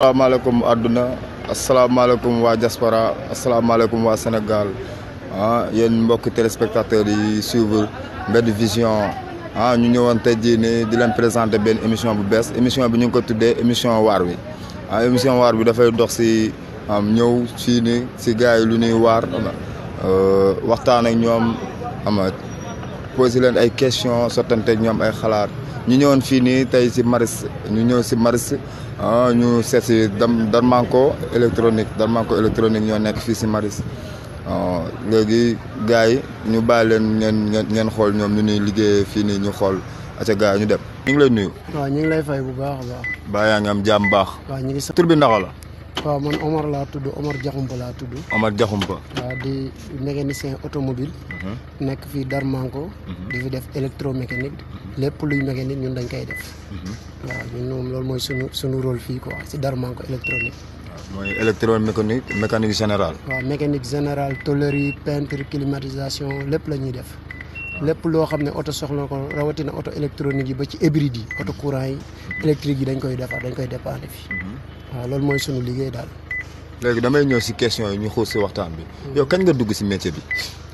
asalaamaaleykum àdduna asalaamaaleykum waa diaspora asalaamaaleykum waa Sénégal ah yéen mbokki téléspectateurs yi suivre Mbedd Vision ah ñu ñëwoon tey jii nii di leen présenter benn émission bu bees émission bi ñu ngi ko tuddee émission waar bi ah émission waar bi dafay dox si ñëw si ni si gars yi lu ñuy waar euh, waxtaan ak ñoom ama posé leen ay questions sottante ak ñoom ay xalaat ñu ñëwoon fii nii tey si Maristes ñu ñëw si Maristes ah, ñu seet si Darmanko électronique Darmanko électronique ñoo nekk fii si Maristes ah, léegi gars yi ñu bàyyi leen ngeen ngeen xool ñoom ñu ñuy liggéeyee fii nii ñu xool acca gars yi ñu dem ñu ngi lay nuyu. ñu ngi lay fay bu baax a baax. baa yaa ngi am jàmm baax. waaw ñu ngi tur la. waaw man Omar laa tudd Omar Diakhoumpa laa tudd. Omar Diakhoumpa. waaw di mécanicien automobile mhm. nekk fii Darmanko. Mhm. di fi def électromécanique. Mhm. lépp luy mécanique ñun dañ koy def. waaw ñun moom loolu mooy suñu suñu rôle fii quoi si Darmanko électronique. mooy électromécanique mécanique générale. waaw mécanique générale tôlerie peinture climatisation lépp la ñuy def. lépp loo xam ne oto soxla ko rawatina oto électronique yi ba ci hybride yi. oto courant yi électrique yi dañ koy defar dañ koy dépendre fii. waaw loolu mooy sunu liggéey daal. léegi damay ñëw si question yi ñu xuus si waxtaan bi. Hmm. yow kañ nga dugg si métier bi.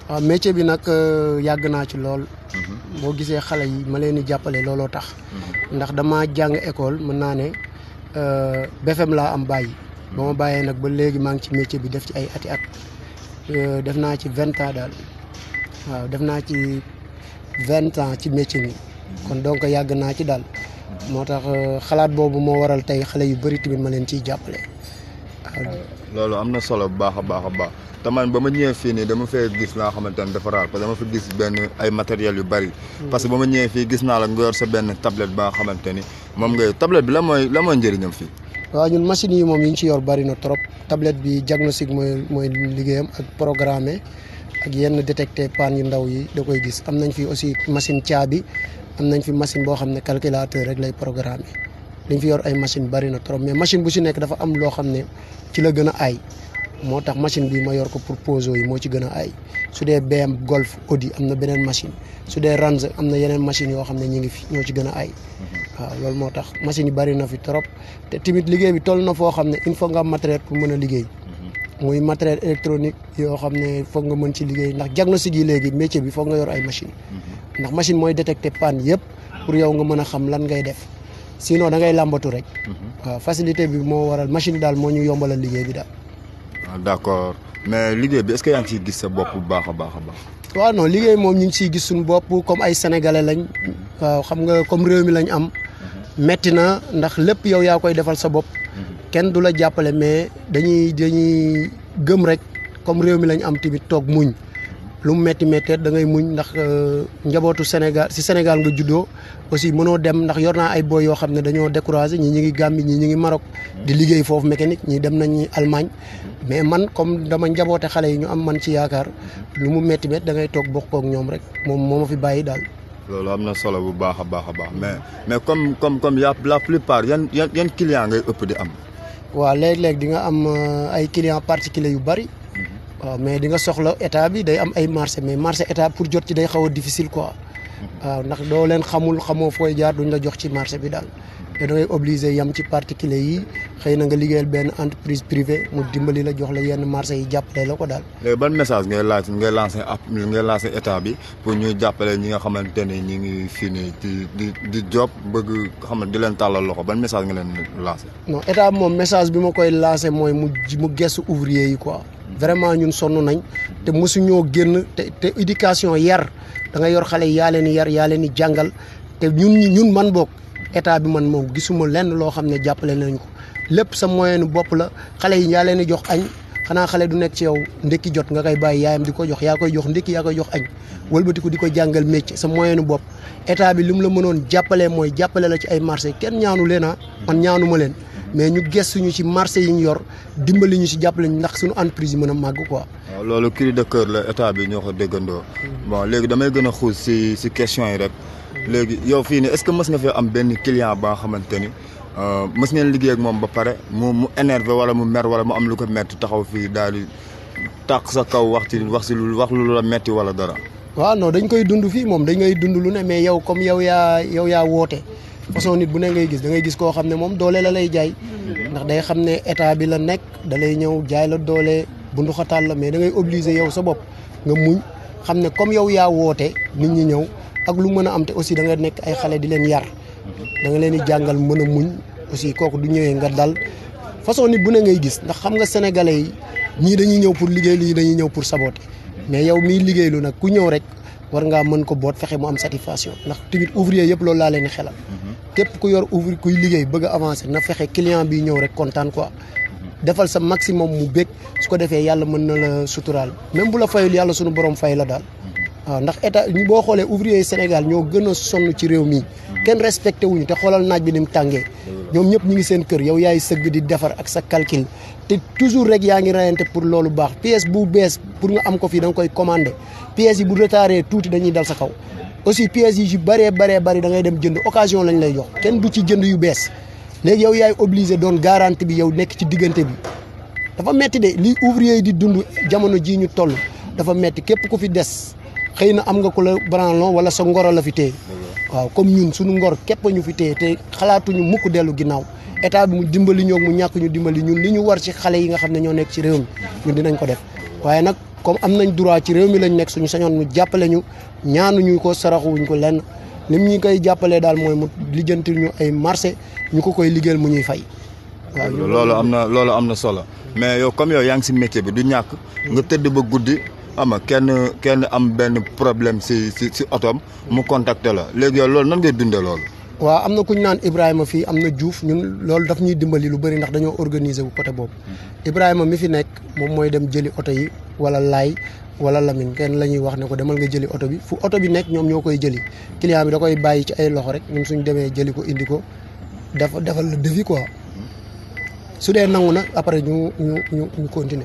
waaw métier bi nag euh, yàgg naa ci lool. Hmm. boo gisee xale yi ma leen di jàppale looloo tax. Hmm. ndax dama jàng école mën naa ne euh, BFM laa am bàyyi. ba ma bàyyee nag ba léegi maa ngi ci métier bi def ci ay ati at. Euh, def naa ci vingt ans daal waaw def naa ci vingt ans ci métier bi. kon donc yàgg naa ci daal moo tax euh, xalaat boobu moo waral tey xale yu bëri tamit ma leen ciy jàppale. Euh, loolu am na solo bu baax a baax a baax te ba ma ñëwee fii nii dama fee gis laa xamante ne dafa raar parce que dama fi gis benn ay matériels yu bari hmm. parce que ba ma ñëwee fii gis naa la nga yor sa benn tablette ba nga xamante ni moom ngay tablette bi la mooy la njëriñam fii. waa ñun machine yi moom yi ñu ci yor bëri na trop tablette bi diagnostic mooy mooy liggéeyam ak programmer ak yenn détecter panne yu ndaw yi da koy gis am nañ fi aussi machine caabi am nañ fi machine boo xam ne calculateur rek lay programme liñ fi yor ay machine bari na trop mais machine bu si nekk dafa am loo xam ne ci la gën a ay moo tax machine bi ma yor ko pour pose yi moo ci gën a ay su dee BM Golf Audi am na beneen machine su dee Range am na yeneen machine yoo xam ne ñu ngi fi ñoo ci gën a ay waaw loolu moo tax machine yi bari na fi trop te tamit liggéey bi toll na foo xam ne il faut nga am matériel pour mën a liggéey muy matériel électronique yoo xam ne foog mën ci liggéey ndax diagnostic yi léegi métier bi foog nga yor ay machine ndax machine mooy détecter panne yëpp pour yow nga mën a xam lan ngay def sinon da ngay làmbatu rek. Mhm. waaw facilité bi moo waral machine daal moo ñu yombalal liggéey bi daal. Ah, d'accord mais liggéey bi est-ce que yaa ngi ciy gis sa bopp bu baax a baax a baax. waaw non liggéey moom ñu ngi ciy gis suñu bopp comme ay sénégalais lañ. Mhm. waaw xam nga comme réew mi lañ am. Mhm. metti na ndax lépp yow yaa koy defal sa bopp. kenn du la jàppale mais dañuy dañuy gëm rek comme réew mi lañ am toog muñ. lu mu métti métteet da ngay muñ ndax euh, njabootu Sénégal si Sénégal nga juddoo aussi mënoo dem ndax yor naa ay boy yoo xam ne dañoo découragé ñi ñi ngi Gambie ñi ñi ngi Maroc di liggéey foofu mécanique ñi dem nañ Allemagne mais man comme dama njaboote xale yi ñu am man ci yaakaar lu mu métti métti da ngay toog bokk ñoom rek moom moo ma fi bàyyi daal loolu am na solo bu baax a baax a baax mais mais comme comme comme y' a la plupart yan yan yan client ngay ëpp di am waaw léeg-léeg di nga am euh, ay client particulier yu bari waaw mais di nga soxla état bi day am ay marché mais marché état pour jot ci day xaw a difficile quoi. waaw ndax doo leen xamul xamoo fooy jaar duñ la jox ci marché bi daal. te dangay ci particulier yi xëy na nga liggéeyal benn entreprise privée mu dimbali la jox la yenn marché yi jàppale la ko daal. léegi ban message ngay laaj ngay lancé ab ngay lancé état bi pour ñuy jàppale ñi nga xamante ne ñi ngi fii nii di di di job bëgg di leen tàllal loxo ban message nga leen lancé. état moom message bi ma koy lancé mooy mu mu gëstu ouvrier yi quoi. vraiment ñun sonn nañ te mosuñoo génn te te éducation yar da nga yor xale yaa leen yar yaa leen di jàngal te ñun ñun man boog état bi man moom gisuma lenn loo xam ne jàppale nañ ko lépp sa moyen bopp la xale yi yaa leen di jox añ xanaa xale du nekk ci yow ndékki jot nga koy bàyyi yaayam di ko jox yaa koy jox ndékki yaa koy jox añ wëlbatiku di ko jàngal métier sa moyen bopp état bi li mu la mënoon jàppale mooy jàppale la ci ay marché kenn ñaanu leen ah man ñaanuma leen mais ñu gëstuñu ci marché yi ñu yor dimbali ñu ci jàppale ñu ndax suñu entreprise yi mën a màgg quoi. loolu cri de cœur la état bi ñoo ko déggandoo. Mm. bon léegi damay gën a xuus si ci question yi rek. Mm. léegi yow fii ne est-ce que mës nga fi am benn client ba nga xamante ni euh, mës ngeen liggéey ak moom ba pare mu mu énervé wala mu mer wala mu am lu ko metti taxaw fii daal di tàq sa kaw wax ci wax ci lu wax lu la metti wala dara. waa non dañ koy dund fii moom dañ koy dund lu ne mais yow comme yow yaa yow yaa woote. façon nit bu ne ngay gis da ngay gis koo xam ne moom doole la lay jaay ndax day xam ne état bi la nekk da lay ñëw jaay la doole bu nduxataal la mais da ngay obligé yow sa bopp nga muñ xam ne comme yow yaa woote nit ñi ñëw ak lu mën a am te aussi danga nekk ay xale di leen yar da nga leen di jàngal mën a muñ aussi kooku du ñëwee nga dal façon nit bu ne ngay gis ndax xam nga sénégalais yi ñii dañuy ñëw pour liggéey ñii dañuy ñëw pour sa saboter mais yow miy liggéeylu nag ku ñëw rek war ngaa mën ko boot fexe mu am satisfaction ndax tamit ouvrier yëpp loolu laa leen xelal. képp ku yor ouvrier kuy liggéey bëgg a avancer na fexe client bi ñëw rek kontaan quoi. defal sa maximum mu bég su ko defee yàlla mën na la suturaal même bu la fayul yàlla sunu borom fay la daal. waaw ndax état boo xoolee ouvrier Sénégal ñoo gën a sonn ci réew mi. kenn respecté wuñu te xoolal naaj bi ni mu tàngee. ñoom ñëpp ñu ngi seen kër yow yaay sëgg di defar ak sa calcul te toujours rek yaa ngi rayante pour loolu baax pièce bu bees pour nga am ko fii danga koy commandé pièces yi bu retardé tuuti dañuy dal sa kaw aussi pièces yi yu bëree baree bëri da ngay dem jënd occasion lañ lay jox kenn du ci jënd yu bees léegi yow yaay obligé doon garantie bi yow nekk ci diggante bi dafa metti de li ouvrier yi di dund jamono jii ñu toll dafa metti képp ku fi des xëy na am nga ku la branlon wala sa ngoro la fi te waaw comme ñun suñu ngor képp ñu fi téye te xalaatuñu mukk dellu ginnaaw état bi mu dimbali ñoo mu ñàkk ñu dimbali ñun li ñu war ci xale yi nga xam ne ñoo nekk ci réew mi ñun dinañ ko def waaye nag comme am nañ droit ci réew mi lañ nekk suñu sañoon ñu jàppale ñu ñaanuñu ko saraxuwuñ ko lenn lim ñu koy jàppalee daal mooy mu lijjanti ñu ay marché ñu ko koy liggéeyal mu ñuy fay waaw loolu am na loolu am na solo mais yow comme yow yaa ngi si métier bi du ñàkk nga tëdd ba guddi xam nga kenn kenn am benn problème si si si otoom mu contacter la léegi yow loolu nan ngay dundee loolu. waaw am na ku naan Ibrahima fii am na Diouf ñun loolu daf ñuy dimbali lu bëri ndax dañoo organiser wu côté boobu mhm. Ibrahima mi fi nekk moom mooy dem jëli oto yi wala laay wala Lamine kenn la ñuy wax ne ko demal nga jëli oto bi fu oto bi nekk ñoom ñoo koy jëli client bi da koy bàyyi ci ay loxo rek ñun suñ demee jëli ko indi ko dafa defal le devis quoi mhm. su dee nangu na après ñu ñu ñu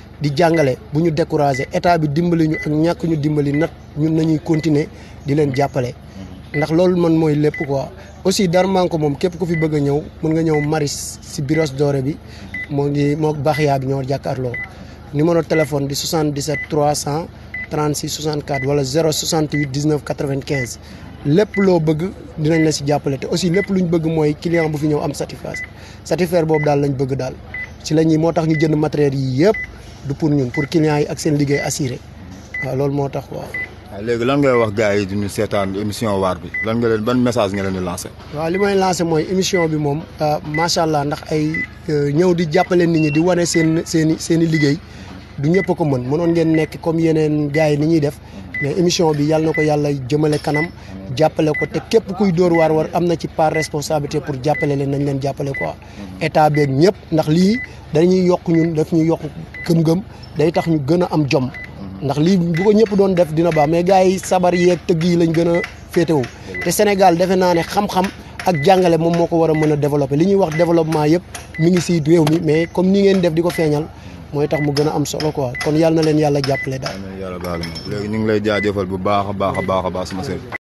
di jàngale bu ñu découragé état bi dimbali ñu ak ñàkk ñu dimbali nag ñun nañuy continuer di leen jàppale ndax loolu man mooy lépp ko aussi Darmanko moom képp ku fi bëgg ñëw mun nga ñëw Maris si Biros Doré bi moo ngi moo Baxiya bi ñoo jàkkaarloo numéro téléphone bi 77 300 36 64 wala 0 68 19 95 lépp loo bëgg dinañ la si jàppale te aussi lépp luñ bëgg mooy client bu fi ñëw am satisfaire satisfaire boobu daal lañ bëgg daal si la moo tax ñu jënd matériel yi yëpp du pour ñun pour clients yi ak seen liggéey assuré waaw loolu moo tax waaw. waaw léegi lan ngay wax gars yi di ñu seetaan émission waar bi lan nga leen ban message nga leen di lancé. waaw li may lancé mooy émission bi moom ah, macha allah ndax ay euh, ñëw di jàppale nit ñi di wane seen seen i seen i liggéey. du ñëpp ko mën mënoon ngeen nekk comme yeneen gars yi ni ñuy def mais émission bi yàlla na ko yàlla jëmale kanam jàppale ko te képp kuy dóor waar war am na ci part responsabilité pour jàppale leen nañ leen jàppale ko état beeg ñëpp ndax lii dañuy yokk ñun daf ñuy yokk gëm-gëm day tax ñu gën a am jom ndax lii bu ko ñëpp doon def dina baax mais gars yi sabar yeeg tëgg yi lañ gën a féetewu te Sénégal defe naa ne xam-xam ak jàngale moom moo ko war a mën a développer li ñuy wax développement yëpp mi ngi si réew mi mais comme ni ngeen def di ko feeñal mooy tax mu gën a am solo quoi kon yàlla na leen yàlla jàppale daal. léegi ñu ngi lay jaajëfal bu baax a baax a baax a baax sama